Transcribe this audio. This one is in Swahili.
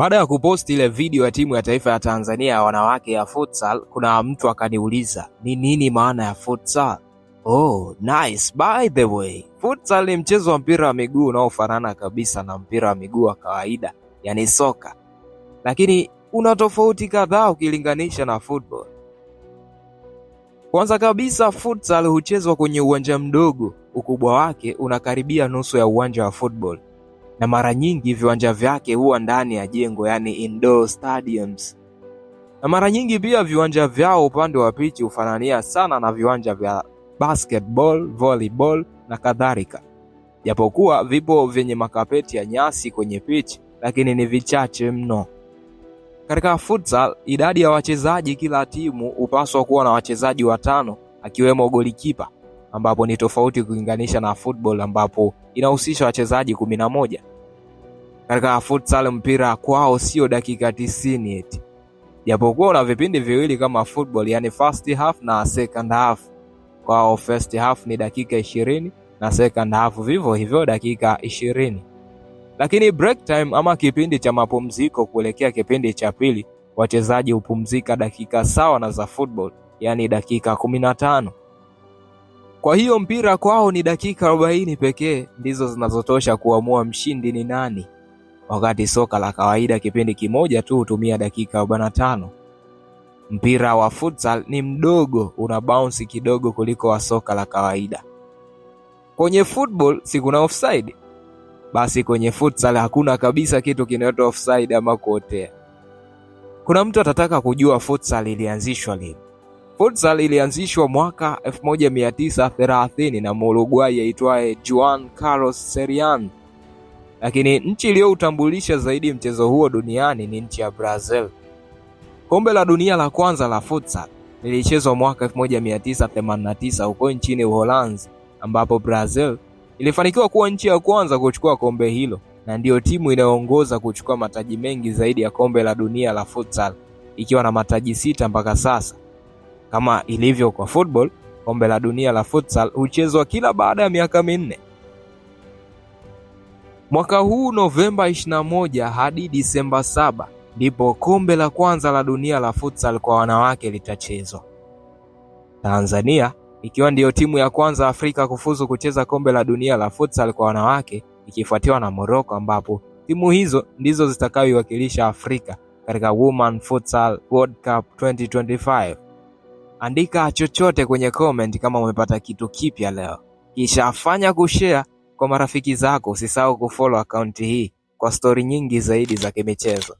Baada ya kuposti ile video ya timu ya taifa ya Tanzania ya wanawake ya futsal, kuna mtu akaniuliza ni nini maana ya futsal. Oh, nice. By the way, futsal ni mchezo wa mpira wa miguu unaofanana kabisa na mpira wa miguu wa kawaida, yani soka, lakini una tofauti kadhaa ukilinganisha na football. Kwanza kabisa, futsal huchezwa kwenye uwanja mdogo, ukubwa wake unakaribia nusu ya uwanja wa football na mara nyingi viwanja vyake huwa ndani ya jengo yani indoor stadiums, na mara nyingi pia viwanja vyao upande wa pichi hufanania sana na viwanja vya basketball, volleyball na kadhalika, japokuwa vipo vyenye makapeti ya nyasi kwenye pichi, lakini ni vichache mno. Katika futsal, idadi ya wachezaji kila timu hupaswa kuwa na wachezaji watano akiwemo golikipa ambapo ni tofauti kulinganisha na football ambapo inahusisha wachezaji kumi na moja katika futsal mpira kwao sio dakika 90 eti, japokuwa una vipindi viwili kama football, yani first half na second half. Kwao first half ni dakika 20 na second half vivyo hivyo dakika 20, lakini break time ama kipindi cha mapumziko kuelekea kipindi cha pili, wachezaji hupumzika dakika sawa na za football, yani dakika 15. Kwa hiyo mpira kwao ni dakika 40 pekee ndizo zinazotosha kuamua mshindi ni nani wakati soka la kawaida kipindi kimoja tu hutumia dakika 45 tano. Mpira wa futsal ni mdogo, una bounce kidogo kuliko wa soka la kawaida. Kwenye football si kuna offside? Basi kwenye futsal hakuna kabisa kitu kinachoitwa offside ama kuotea. Kuna mtu atataka kujua futsal ilianzishwa lini? Futsal ilianzishwa mwaka 1930 na Muuruguay aitwaye Juan Carlos Seriani lakini nchi iliyoutambulisha zaidi mchezo huo duniani ni nchi ya Brazil. Kombe la dunia la kwanza la futsal lilichezwa mwaka 1989 huko nchini Uholanzi, ambapo Brazil ilifanikiwa kuwa nchi ya kwanza kuchukua kombe hilo na ndiyo timu inayoongoza kuchukua mataji mengi zaidi ya kombe la dunia la futsal ikiwa na mataji sita mpaka sasa. Kama ilivyo kwa football, kombe la dunia la futsal huchezwa kila baada ya miaka minne. Mwaka huu Novemba 21 hadi Disemba 7 ndipo kombe la kwanza la dunia la futsal kwa wanawake litachezwa. Tanzania ikiwa ndiyo timu ya kwanza Afrika kufuzu kucheza kombe la dunia la futsal kwa wanawake ikifuatiwa na Morocco ambapo timu hizo ndizo zitakayoiwakilisha Afrika katika Women Futsal World Cup 2025. Andika chochote kwenye comment kama umepata kitu kipya leo, kisha fanya kushare kwa marafiki zako usisahau kufollow akaunti hii kwa stori nyingi zaidi za kimichezo